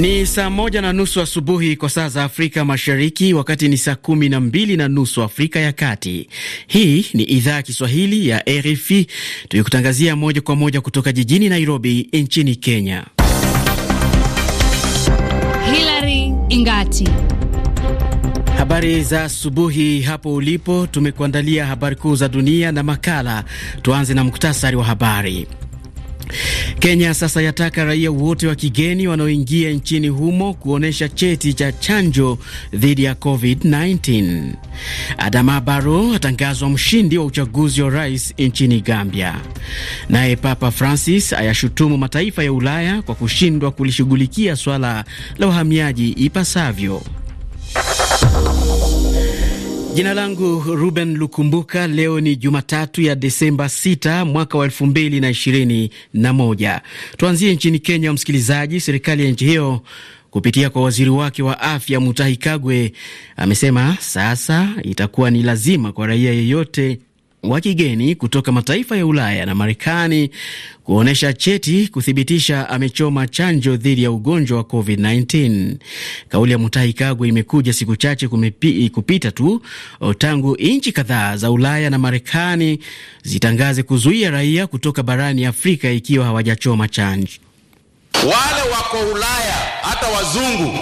Ni saa moja na nusu asubuhi kwa saa za Afrika Mashariki, wakati ni saa kumi na mbili na nusu Afrika ya Kati. Hii ni idhaa ya Kiswahili ya RFI tukikutangazia moja kwa moja kutoka jijini Nairobi nchini Kenya. Hilary Ingati. Habari za asubuhi hapo ulipo. Tumekuandalia habari kuu za dunia na makala. Tuanze na muktasari wa habari. Kenya sasa yataka raia wote wa kigeni wanaoingia nchini humo kuonyesha cheti cha chanjo dhidi ya COVID-19. Adama Barrow atangazwa mshindi wa uchaguzi wa rais nchini Gambia. Naye Papa Francis ayashutumu mataifa ya Ulaya kwa kushindwa kulishughulikia swala la uhamiaji ipasavyo. Jina langu Ruben Lukumbuka. Leo ni Jumatatu ya Desemba 6 mwaka wa elfu mbili na ishirini na moja. Tuanzie nchini Kenya, msikilizaji. Serikali ya nchi hiyo kupitia kwa waziri wake wa afya Mutahi Kagwe amesema sasa itakuwa ni lazima kwa raia yeyote wa kigeni kutoka mataifa ya Ulaya na Marekani kuonyesha cheti kuthibitisha amechoma chanjo dhidi ya ugonjwa wa COVID-19. Kauli ya Mutahi Kagwe imekuja siku chache kupita tu tangu nchi kadhaa za Ulaya na Marekani zitangaze kuzuia raia kutoka barani Afrika ikiwa hawajachoma chanjo. Wale wako Ulaya hata wazungu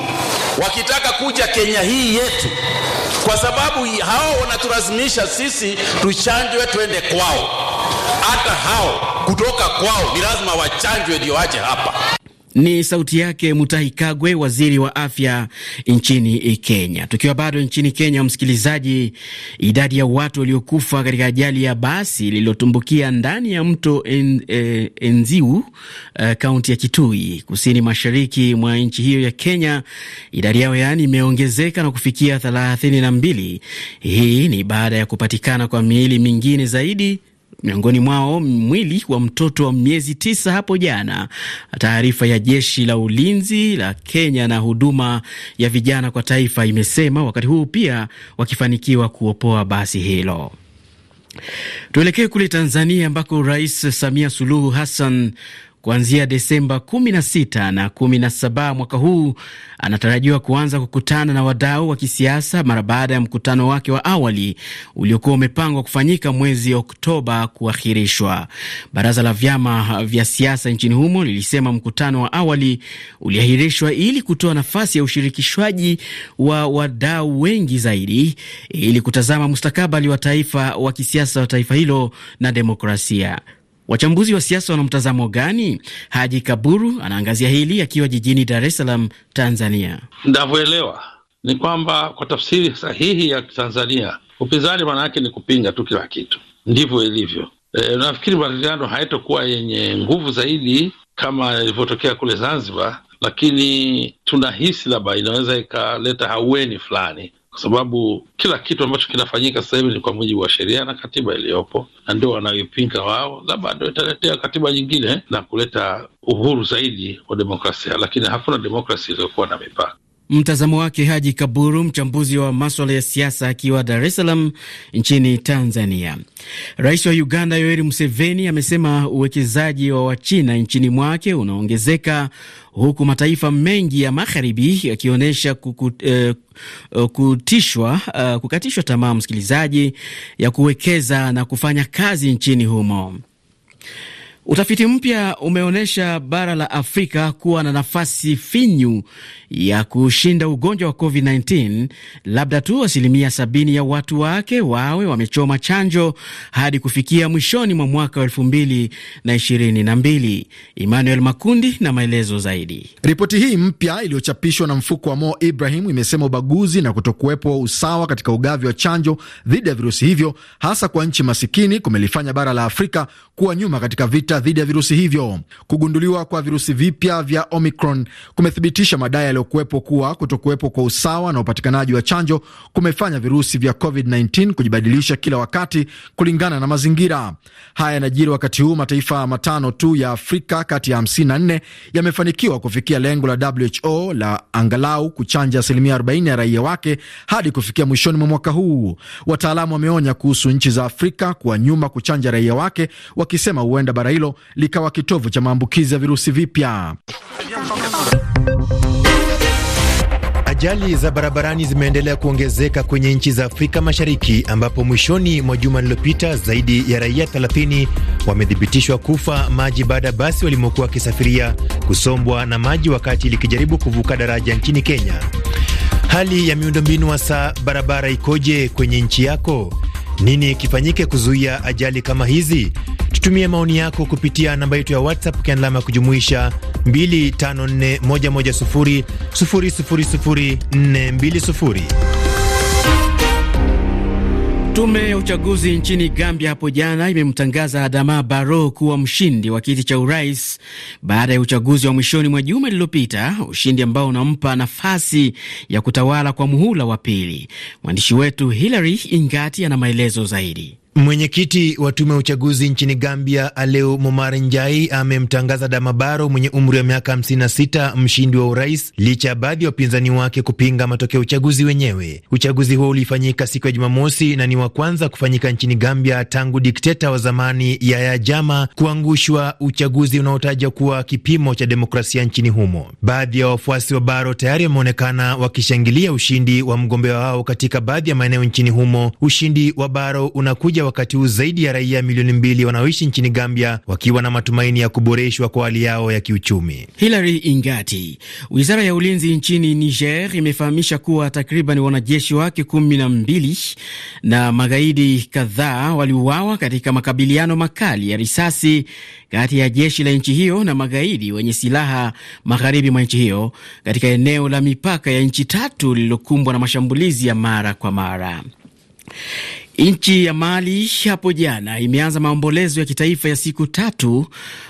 wakitaka kuja Kenya hii yetu, kwa sababu hao wanatulazimisha sisi tuchanjwe twende kwao. Hata hao kutoka kwao ni lazima wachanjwe ndio waje hapa. Ni sauti yake Mutahi Kagwe, waziri wa afya nchini Kenya. Tukiwa bado nchini Kenya, msikilizaji, idadi ya watu waliokufa katika ajali ya basi lililotumbukia ndani ya mto en, eh, Enziu e, kaunti ya Kitui kusini mashariki mwa nchi hiyo ya Kenya, idadi yao yaani imeongezeka na kufikia thelathini na mbili. Hii ni baada ya kupatikana kwa miili mingine zaidi miongoni mwao mwili wa mtoto wa miezi tisa hapo jana. Taarifa ya jeshi la ulinzi la Kenya na huduma ya vijana kwa taifa imesema wakati huu pia wakifanikiwa kuopoa basi hilo. Tuelekee kule Tanzania ambako Rais Samia Suluhu Hassan kuanzia Desemba 16 na 17 mwaka huu. Anatarajiwa kuanza kukutana na wadau wa kisiasa mara baada ya mkutano wake wa awali uliokuwa umepangwa kufanyika mwezi Oktoba kuahirishwa. Baraza la vyama vya siasa nchini humo lilisema mkutano wa awali uliahirishwa ili kutoa nafasi ya ushirikishwaji wa wadau wengi zaidi ili kutazama mustakabali wa taifa wa kisiasa wa taifa hilo na demokrasia. Wachambuzi wa siasa wana mtazamo gani? Haji Kaburu anaangazia hili akiwa jijini Dar es Salaam, Tanzania. Ndavyoelewa ni kwamba kwa tafsiri sahihi ya Tanzania, upinzani maana yake ni kupinga tu kila kitu, ndivyo ilivyo. E, nafikiri maridhiano haitokuwa yenye nguvu zaidi kama ilivyotokea kule Zanzibar, lakini tunahisi labda inaweza ikaleta haueni fulani kwa sababu kila kitu ambacho kinafanyika sasa hivi ni kwa mujibu wa sheria na katiba iliyopo, na ndio wanayoipinga wao, labda ndio italetea katiba nyingine eh, na kuleta uhuru zaidi wa demokrasia, lakini hakuna demokrasi iliyokuwa na mipaka. Mtazamo wake Haji Kaburu, mchambuzi wa maswala ya siasa, akiwa Dar es Salaam nchini Tanzania. Rais wa Uganda Yoweri Museveni amesema uwekezaji wa Wachina nchini mwake unaongezeka huku mataifa mengi ya magharibi yakionyesha eh, eh, kutishwa, eh, kukatishwa tamaa, msikilizaji, ya kuwekeza na kufanya kazi nchini humo. Utafiti mpya umeonyesha bara la Afrika kuwa na nafasi finyu ya kushinda ugonjwa wa COVID-19, labda tu asilimia sabini ya watu wake wawe wamechoma chanjo hadi kufikia mwishoni mwa mwaka wa mbili. Emmanuel Makundi na maelezo zaidi. Ripoti hii mpya iliyochapishwa na mfuko wa Mo Ibrahim imesema ubaguzi na kutokuwepo usawa katika ugavi wa chanjo dhidi ya virusi hivyo, hasa kwa nchi masikini, kumelifanya bara la Afrika kuwa nyuma katika vita vita dhidi ya virusi hivyo. Kugunduliwa kwa virusi vipya vya Omicron kumethibitisha madai yaliyokuwepo kuwa kutokuwepo kwa usawa na upatikanaji wa chanjo kumefanya virusi vya COVID-19 kujibadilisha kila wakati kulingana na mazingira. Haya yanajiri wakati huu mataifa matano tu ya Afrika kati ya 54 yamefanikiwa kufikia lengo la WHO la angalau kuchanja asilimia 40 ya raia wake hadi kufikia mwishoni mwa mwaka huu. Wataalamu wameonya kuhusu nchi za Afrika kuwa nyuma kuchanja raia wake, wakisema huenda bara hilo hilo likawa kitovu cha maambukizi ya virusi vipya. Ajali za barabarani zimeendelea kuongezeka kwenye nchi za Afrika Mashariki ambapo mwishoni mwa juma lililopita zaidi ya raia 30 wamethibitishwa kufa maji baada ya basi walimokuwa wakisafiria kusombwa na maji wakati likijaribu kuvuka daraja nchini Kenya. Hali ya miundombinu hasa barabara ikoje kwenye nchi yako? Nini kifanyike kuzuia ajali kama hizi? Tumia maoni yako kupitia namba yetu ya WhatsApp ukiandalama ya kujumuisha 254110000420. Tume ya uchaguzi nchini Gambia hapo jana imemtangaza Adama Barrow kuwa mshindi wa kiti cha urais baada ya uchaguzi wa mwishoni mwa juma lililopita, ushindi ambao unampa nafasi ya kutawala kwa muhula wa pili. Mwandishi wetu Hilary Ingati ana maelezo zaidi. Mwenyekiti wa tume ya uchaguzi nchini Gambia, Aleu Momar Njai, amemtangaza Damabaro mwenye umri wa miaka 56 mshindi wa urais licha ya baadhi ya wapinzani wake kupinga matokeo ya uchaguzi wenyewe. Uchaguzi huo ulifanyika siku ya Jumamosi na ni wa kwanza kufanyika nchini Gambia tangu dikteta wa zamani ya Jama kuangushwa, uchaguzi unaotaja kuwa kipimo cha demokrasia nchini humo. Baadhi ya wafuasi wa Baro tayari wameonekana wakishangilia ushindi wa mgombea wao katika baadhi ya maeneo nchini humo. Ushindi wa Baro unakuja wakati huu zaidi ya raia milioni mbili wanaoishi nchini Gambia wakiwa na matumaini ya kuboreshwa kwa hali yao ya kiuchumi. Hilary Ingati. Wizara ya ulinzi nchini Niger imefahamisha kuwa takriban wanajeshi wake kumi na mbili na magaidi kadhaa waliuawa katika makabiliano makali ya risasi kati ya jeshi la nchi hiyo na magaidi wenye silaha magharibi mwa nchi hiyo katika eneo la mipaka ya nchi tatu lililokumbwa na mashambulizi ya mara kwa mara. Nchi ya Mali hapo jana imeanza maombolezo ya kitaifa ya siku tatu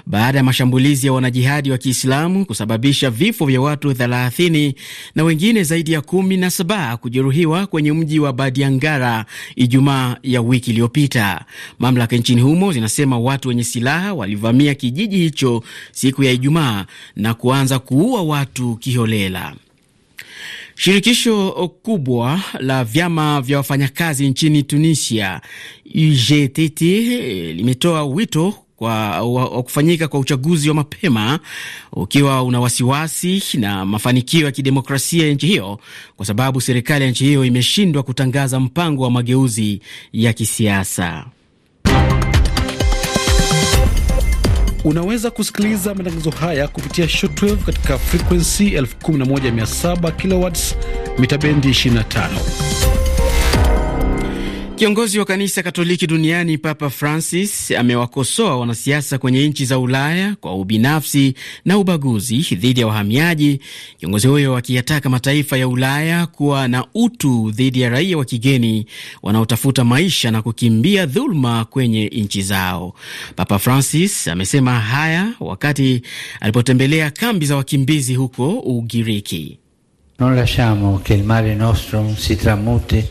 baada ya mashambulizi ya wanajihadi wa Kiislamu kusababisha vifo vya watu 30 na wengine zaidi ya 17 na kujeruhiwa kwenye mji wa Badiangara Ijumaa ya wiki iliyopita. Mamlaka nchini humo zinasema watu wenye silaha walivamia kijiji hicho siku ya Ijumaa na kuanza kuua watu kiholela. Shirikisho kubwa la vyama vya wafanyakazi nchini Tunisia UGTT limetoa wito kwa wa kufanyika kwa uchaguzi wa mapema ukiwa una wasiwasi na mafanikio ya kidemokrasia ya nchi hiyo, kwa sababu serikali ya nchi hiyo imeshindwa kutangaza mpango wa mageuzi ya kisiasa. Unaweza kusikiliza matangazo haya kupitia shortwave katika frequency 11700 kilowatts mita bendi 25. Kiongozi wa kanisa Katoliki duniani Papa Francis amewakosoa wanasiasa kwenye nchi za Ulaya kwa ubinafsi na ubaguzi dhidi ya wahamiaji, kiongozi huyo akiyataka mataifa ya Ulaya kuwa na utu dhidi ya raia wa kigeni wanaotafuta maisha na kukimbia dhuluma kwenye nchi zao. Papa Francis amesema haya wakati alipotembelea kambi za wakimbizi huko Ugiriki.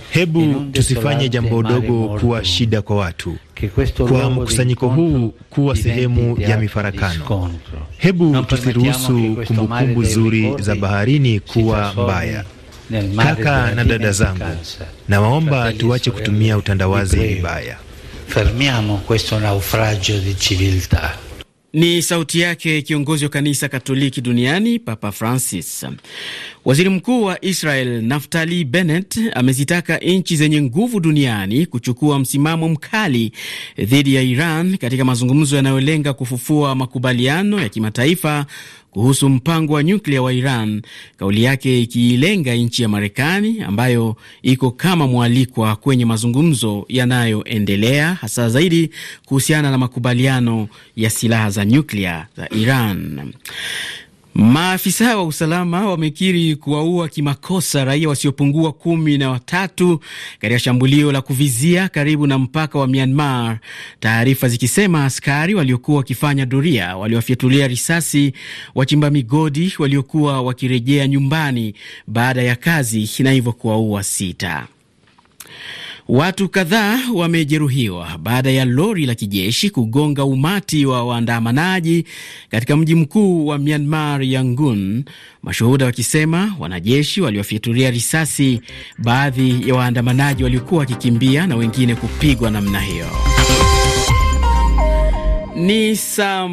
Hebu tusifanye jambo dogo kuwa shida kwa watu, kwa mkusanyiko huu kuwa sehemu ya mifarakano. Hebu tusiruhusu kumbukumbu nzuri za baharini kuwa mbaya. Kaka na dada zangu, nawaomba e tuache kutumia utandawazi vibaya. Fermiamo questo naufragio di civiltà. Ni sauti yake kiongozi wa kanisa Katoliki duniani Papa Francis. Waziri mkuu wa Israel Naftali Bennett amezitaka nchi zenye nguvu duniani kuchukua msimamo mkali dhidi ya Iran katika mazungumzo yanayolenga kufufua makubaliano ya kimataifa kuhusu mpango wa nyuklia wa Iran, kauli yake ikiilenga nchi ya Marekani ambayo iko kama mwalikwa kwenye mazungumzo yanayoendelea hasa zaidi kuhusiana na makubaliano ya silaha za nyuklia za Iran. Maafisa wa usalama wamekiri kuwaua kimakosa raia wasiopungua kumi na watatu katika shambulio la kuvizia karibu na mpaka wa Myanmar, taarifa zikisema askari waliokuwa wakifanya doria waliwafyatulia risasi wachimba migodi waliokuwa wakirejea nyumbani baada ya kazi na hivyo kuwaua sita. Watu kadhaa wamejeruhiwa baada ya lori la kijeshi kugonga umati wa waandamanaji katika mji mkuu wa Myanmar, Yangon, mashuhuda wakisema wanajeshi waliwafyatulia risasi baadhi ya waandamanaji waliokuwa wakikimbia na wengine kupigwa namna hiyo. Ni saa